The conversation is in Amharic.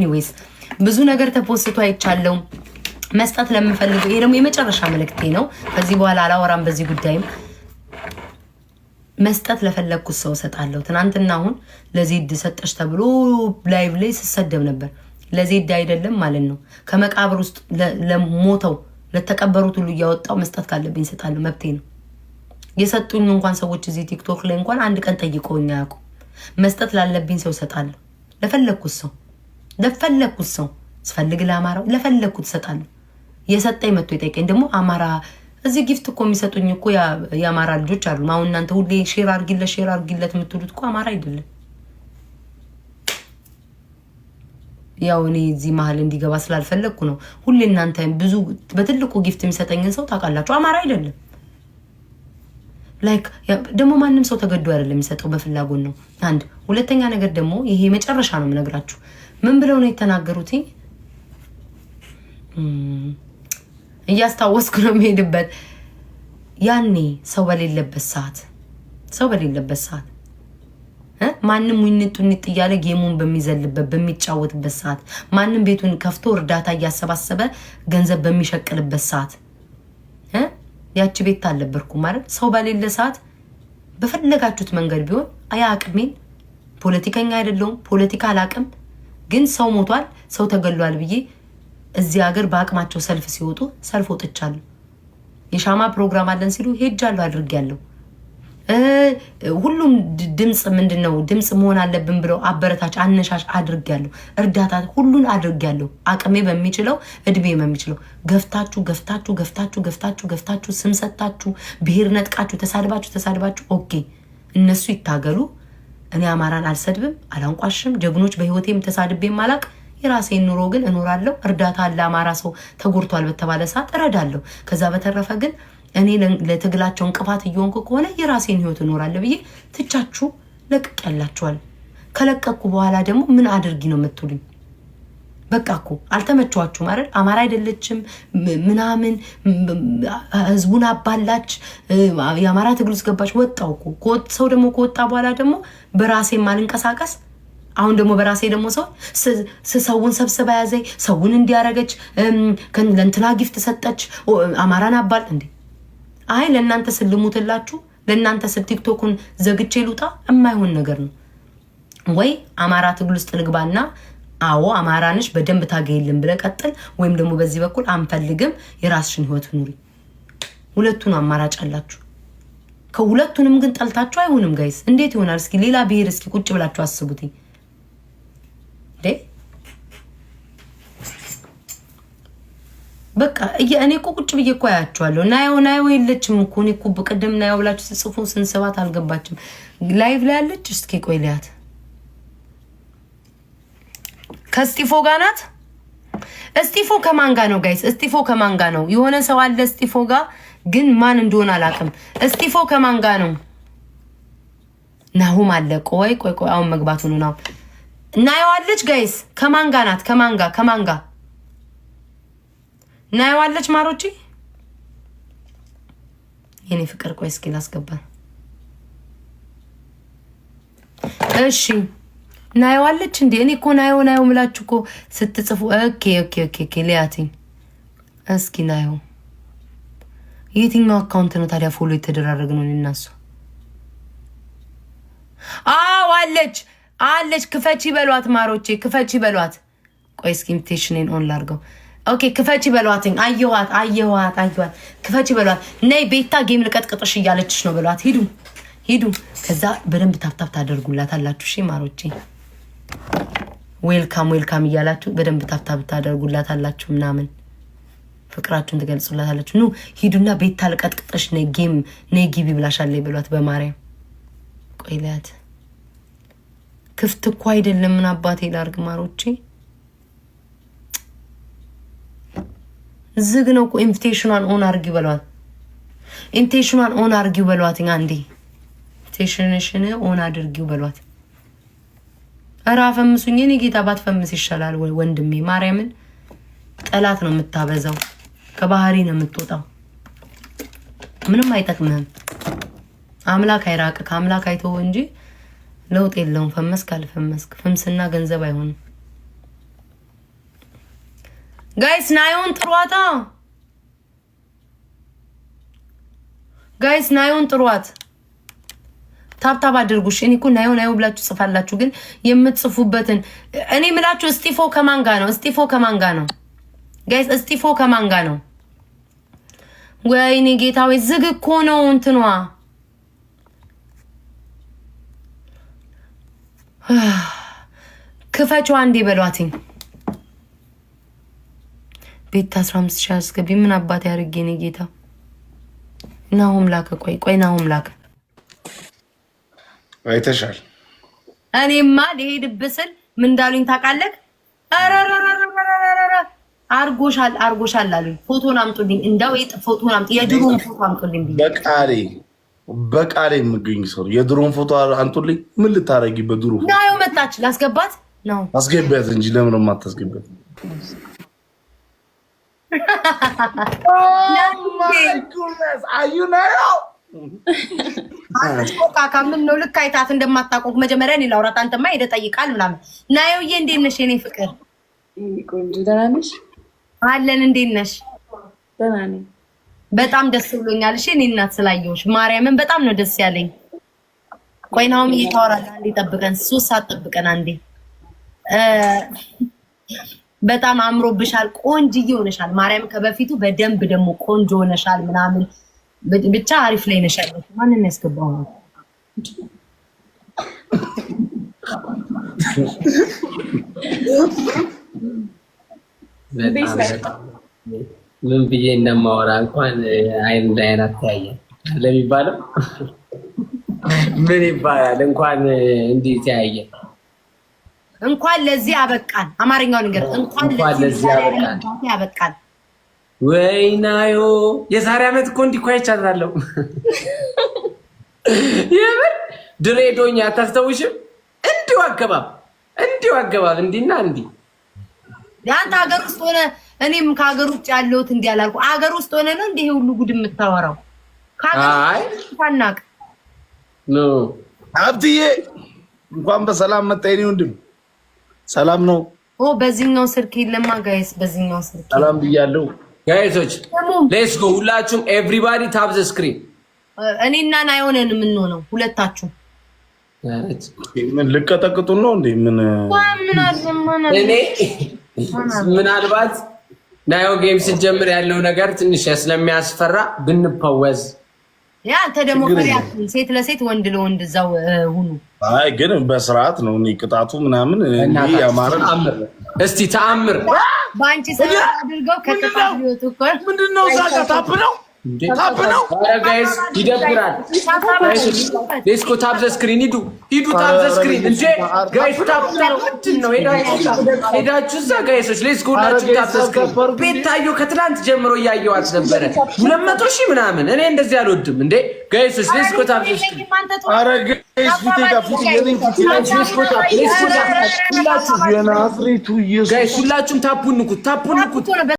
ኤኒዌይስ ብዙ ነገር ተፖስቶ አይቻለው። መስጠት ለምፈልገው ይሄ ደግሞ የመጨረሻ መልእክቴ ነው። ከዚህ በኋላ አላወራም በዚህ ጉዳይም። መስጠት ለፈለግኩት ሰው እሰጣለሁ። ትናንትና አሁን ለዜድ ሰጠሽ ተብሎ ላይቭ ላይ ስሰደብ ነበር። ለዜድ አይደለም ማለት ነው ከመቃብር ውስጥ ለሞተው ለተቀበሩት ሁሉ እያወጣው መስጠት ካለብኝ እሰጣለሁ፣ መብቴ ነው። የሰጡኝ እንኳን ሰዎች እዚህ ቲክቶክ ላይ እንኳን አንድ ቀን ጠይቀውኝ አያውቁም። መስጠት ላለብኝ ሰው እሰጣለሁ። ለፈለግኩት ሰው ለፈለግኩት ሰው ስፈልግ ለአማራው ለፈለግኩት እሰጣለሁ። የሰጠኝ መጥቶ የጠይቀኝ ደግሞ አማራ እዚህ ጊፍት እኮ የሚሰጡኝ እኮ የአማራ ልጆች አሉ። አሁን እናንተ ሁሌ ሼር አርጊለት ሼር አርጊለት የምትሉት እኮ አማራ አይደለም። ያው እኔ እዚህ መሀል እንዲገባ ስላልፈለግኩ ነው። ሁሌ እናንተ ብዙ በትልቁ ጊፍት የሚሰጠኝን ሰው ታውቃላችሁ፣ አማራ አይደለም። ላይክ ደግሞ ማንም ሰው ተገዶ አይደለም የሚሰጠው፣ በፍላጎት ነው። አንድ ሁለተኛ ነገር ደግሞ ይሄ መጨረሻ ነው የምነግራችሁ። ምን ብለው ነው የተናገሩት? እያስታወስኩ ነው የምሄድበት። ያኔ ሰው በሌለበት ሰዓት ሰው በሌለበት ሰዓት ማንም ውይንጡ ውይንጥ እያለ ጌሙን በሚዘልበት በሚጫወትበት ሰዓት ማንም ቤቱን ከፍቶ እርዳታ እያሰባሰበ ገንዘብ በሚሸቅልበት ሰዓት ያቺ ቤት አልነበርኩ ማለት ሰው በሌለ ሰዓት በፈለጋችሁት መንገድ ቢሆን አያ አቅሜን ፖለቲከኛ አይደለውም ፖለቲካ አላቅም። ግን ሰው ሞቷል፣ ሰው ተገሏል ብዬ እዚህ ሀገር በአቅማቸው ሰልፍ ሲወጡ ሰልፍ ወጥቻለሁ። የሻማ ፕሮግራም አለን ሲሉ ሄጃለሁ፣ አድርጌያለሁ። ሁሉም ድምፅ ምንድን ነው ድምፅ መሆን አለብን ብለው አበረታች አነሻሽ አድርጊያለሁ። እርዳታ ሁሉን አድርጊያለሁ። አቅሜ በሚችለው እድሜ በሚችለው ገፍታችሁ ገፍታችሁ ገፍታችሁ ገፍታችሁ ገፍታችሁ ስም ሰጥታችሁ ብሔር ነጥቃችሁ ተሳድባችሁ ተሳድባችሁ ኦኬ እነሱ ይታገሉ። እኔ አማራን አልሰድብም፣ አላንቋሽም። ጀግኖች በህይወቴም ተሳድቤ አላቅ የራሴን ኑሮ ግን እኖራለሁ። እርዳታ ለአማራ ሰው ተጎድቷል በተባለ ሰዓት እረዳለሁ። ከዛ በተረፈ ግን እኔ ለትግላቸው እንቅፋት እየሆንኩ ከሆነ የራሴን ህይወት እኖራለሁ ብዬ ትቻችሁ ለቅቅ ያላችኋል። ከለቀቅኩ በኋላ ደግሞ ምን አድርጊ ነው የምትሉኝ? በቃ እኮ አልተመቸዋችሁ ማለት አማራ አይደለችም ምናምን፣ ህዝቡን አባላች፣ የአማራ ትግል ውስጥ ገባች። ወጣው እኮ ሰው ደግሞ ከወጣ በኋላ ደግሞ በራሴ ማልንቀሳቀስ አሁን ደግሞ በራሴ ደግሞ ሰው ሰውን ሰብስባ ያዘኝ፣ ሰውን እንዲያረገች፣ ለእንትና ጊፍት ሰጠች፣ አማራን አባል እንዴ አይ ለእናንተ ስልሙትላችሁ ለእናንተ ስል ቲክቶኩን ዘግቼ ልውጣ፣ የማይሆን ነገር ነው። ወይ አማራ ትግል ውስጥ ልግባና አዎ አማራንሽ በደንብ ታገይልን ብለ ቀጥል፣ ወይም ደግሞ በዚህ በኩል አንፈልግም፣ የራስሽን ህይወት ኑሪ። ሁለቱን አማራጭ አላችሁ። ከሁለቱንም ግን ጠልታችሁ አይሆንም ጋይስ። እንዴት ይሆናል? እስኪ ሌላ ብሄር እስኪ ቁጭ ብላችሁ እንዴ በቃ እኔ እኮ ቁጭ ብዬ እኮ አያቸዋለሁ። ናየው ናየው የለችም እኮ እኔ እኮ በቀደም ናየው ብላችሁ ስጽፉ ስንስባት አልገባችም። ላይቭ ላይ ያለች እስኪ ቆይ ልያት። ከስጢፎ ጋር ናት። እስጢፎ ከማን ነው ጋይስ? እስጢፎ ከማን ነው? የሆነ ሰው አለ እስጢፎ ጋ ግን ማን እንደሆነ አላውቅም። እስጢፎ ከማን ጋር ነው? ናሁም አለ። ቆይ ቆይ ቆይ አሁን መግባቱ ነው ናው ናየዋለች ጋይስ። ከማን ናት? ከማን ጋር ከማን ጋር ናየዋለች ማሮቼ የኔ ፍቅር ቆይ እስኪ ላስገባ። እሺ ናየዋለች እንዴ? እኔ እኮ ናየው ናየው ምላችሁ እኮ ስትጽፉ ኦኬ ኦኬ ኦኬ ኦኬ። ሊያትኝ እስኪ ናየው። የትኛው አካውንት ነው ታዲያ ፎሎ የተደራረግ ነው? እናሱ አዎ አለች አለች። ክፈቺ በሏት ማሮቼ፣ ክፈቺ በሏት። ቆይ እስኪ ኢንቪቴሽኔን ኦን ላርገው። ኦኬ ክፈች በሏትኝ። አየዋት አየዋት አየዋት። ክፈች በሏት። ነይ ቤታ ጌም ልቀጥቅጥሽ እያለችሽ ነው በሏት። ሂዱ ሂዱ። ከዛ በደንብ ታፍታፍ ታደርጉላት አላችሁ። እሺ ማሮቼ ዌልካም ዌልካም እያላችሁ በደንብ ታብታብ ታደርጉላት አላችሁ። ምናምን ፍቅራችሁን ትገልጹላት አላችሁ። ኑ ሂዱና ቤታ ልቀጥቅጥሽ፣ ነይ ጌም ነይ ጊቢ ብላሻለይ በሏት። በማርያም ቆይላት። ክፍት እኮ አይደለም። ምን አባቴ ላርግ ማሮቼ ዝግ ነው እኮ ኢንቪቴሽኗን ኦን አርጊ በሏት። ኢንቴሽኗን ኦን አርጊው በሏት። አንዴ ኢንቴሽንሽን ኦን አድርጊው በሏት። ኧረ አፈምሱኝ እኔ ጌታ ባትፈምስ ይሻላል ወይ ወንድሜ? ማርያምን ጠላት ነው የምታበዛው፣ ከባህሪ ነው የምትወጣው። ምንም አይጠቅምህም። አምላክ አይራቅ ከአምላክ አይተው እንጂ ለውጥ የለውም። ፈመስክ አልፈመስክ ፍምስና ገንዘብ አይሆንም። ጋይስ ናዮን ጥሯታ። ጋይስ ናዮን ጥሯት። ታብታብ አድርጉሽ። እኔ እኮ ናዮ ናዮ ብላችሁ ጽፋላችሁ፣ ግን የምትጽፉበትን እኔ ምላችሁ እስጢፎ ከማንጋ ነው? እስጢፎ ከማንጋ ነው? ጋይስ እስጢፎ ከማንጋ ነው? ወይኔ ጌታ ወይ ዝግ እኮ ነው እንትኗ። ክፈችዋ እንዴ በሏትኝ። ቤት አስራ አምስት ሺህ አስገቢ ምን አባት ያደርግ ኔ ጌታ። ናሆም ላከ። ቆይ ቆይ ናሆም ላከ። አይተሻል። እኔማ ልሄድብህ ስል ምን እንዳሉኝ ታውቃለህ? አርጎሻል አርጎሻል አሉኝ። ፎቶን አምጡልኝ፣ እንዳው እንደው ፎቶን አምጡ፣ የድሮን ፎቶ አምጡልኝ። በቃሌ በቃሌ የምገኝ ሰው የድሮን ፎቶ አምጡልኝ። ምን ልታረጊ? በድሮ ናየው? መጣች። ላስገባት ነው አስገቢያት እንጂ ለምን ማታስገቢያት? ከምን oh ነው ልክ አይታት እንደማታቆም መጀመሪያ እኔ ላውራት፣ አንተማ ሄደህ ጠይቃል ምናምን። ናየውዬ እንዴት ነሽ የኔ ፍቅር? ቆንጆ ደህና ነሽ? አለን እንዴት ነሽ? ደህና ነኝ። በጣም ደስ ብሎኛል። እሺ እኔ እናት ስላየሁሽ ማርያምን በጣም ነው ደስ ያለኝ። ቆይ ናሁም እየታወራል። አንዴ ጠብቀን፣ ሶስት ሰዓት ጠብቀን አንዴ በጣም አምሮብሻል፣ ቆንጅዬ ሆነሻል። ማርያም ከበፊቱ በደንብ ደግሞ ቆንጆ ሆነሻል፣ ምናምን ብቻ አሪፍ ላይ ነሻል። ያለሽ። ማንን ያስገባው ነው? ምን ብዬ እንደማወራ እንኳን አይን ለአይን አትያየን ለሚባለው ምን ይባላል? እንኳን እንዲህ ተያየን እንኳን ለዚህ አበቃን። አማርኛው ነገር እንኳን ለዚህ አበቃን። ወይናዮ የዛሬ ዓመት እኮ እንዲኳ እኮ አይቻታለሁ። የምር ድሬዶኛ አታስተውሽም? እንዲሁ አገባብ እንዲሁ አገባብ እንዲና እንዲ አንተ ሀገር ውስጥ ሆነ እኔም ከሀገር ውጭ ያለሁት እንዲህ አላልኩ። ሀገር ውስጥ ሆነ ነው እንዲህ ሁሉ ጉድ የምታወራው። ከሀገር ታናቅ ሀብትዬ እንኳን በሰላም መጣ የኔ ወንድም። ሰላም ነው። ኦ በዚህኛው ስልክ የለማ ጋይስ፣ በዚህኛው ስልክ ሰላም ብያለሁ ጋይሶች። ሌትስ ጎ ሁላችሁም፣ ኤቭሪባዲ ታብ ዘ ስክሪን። እኔና ናይሆነን የምንሆነው ሁለታችሁ ምን ልቀጠቅጡ ነው እንዴ? ምን እኔ ምናልባት ናዮ ጌም ስንጀምር ያለው ነገር ትንሽ ስለሚያስፈራ ብንፈወዝ አንተ ደግሞ ሴት ለሴት ወንድ ለወንድ እዛው ሁኑ። አይ ግን በስርዓት ነው እኔ ቅጣቱ ምናምን ያማረ እስቲ ተአምር በአንቺ ሰ አድርገው ከቅጣት ሊወጡ እኮ ምንድን ነው እዛ ጋር ታፕ ነው ታብ ነው ጋይስ፣ ይደብራል። ሌስኮ ታብ ዘ ስክሪን ሂዱ፣ ሂዱ ዘ ስክሪን ጋይስ፣ ነው ሄዳችሁ እዛ ጋይሶች፣ ሌስኮ ዘ ስክሪን። ከትላንት ጀምሮ እያየዋት ነበረ ሁለት መቶ ሺህ ምናምን። እኔ እንደዚህ አልወድም እንዴ ጋይሶች፣ ሌስኮ ታብ ዘ ስክሪን። ሁላችሁም ታፑን ንኩት፣ ታፑን ንኩት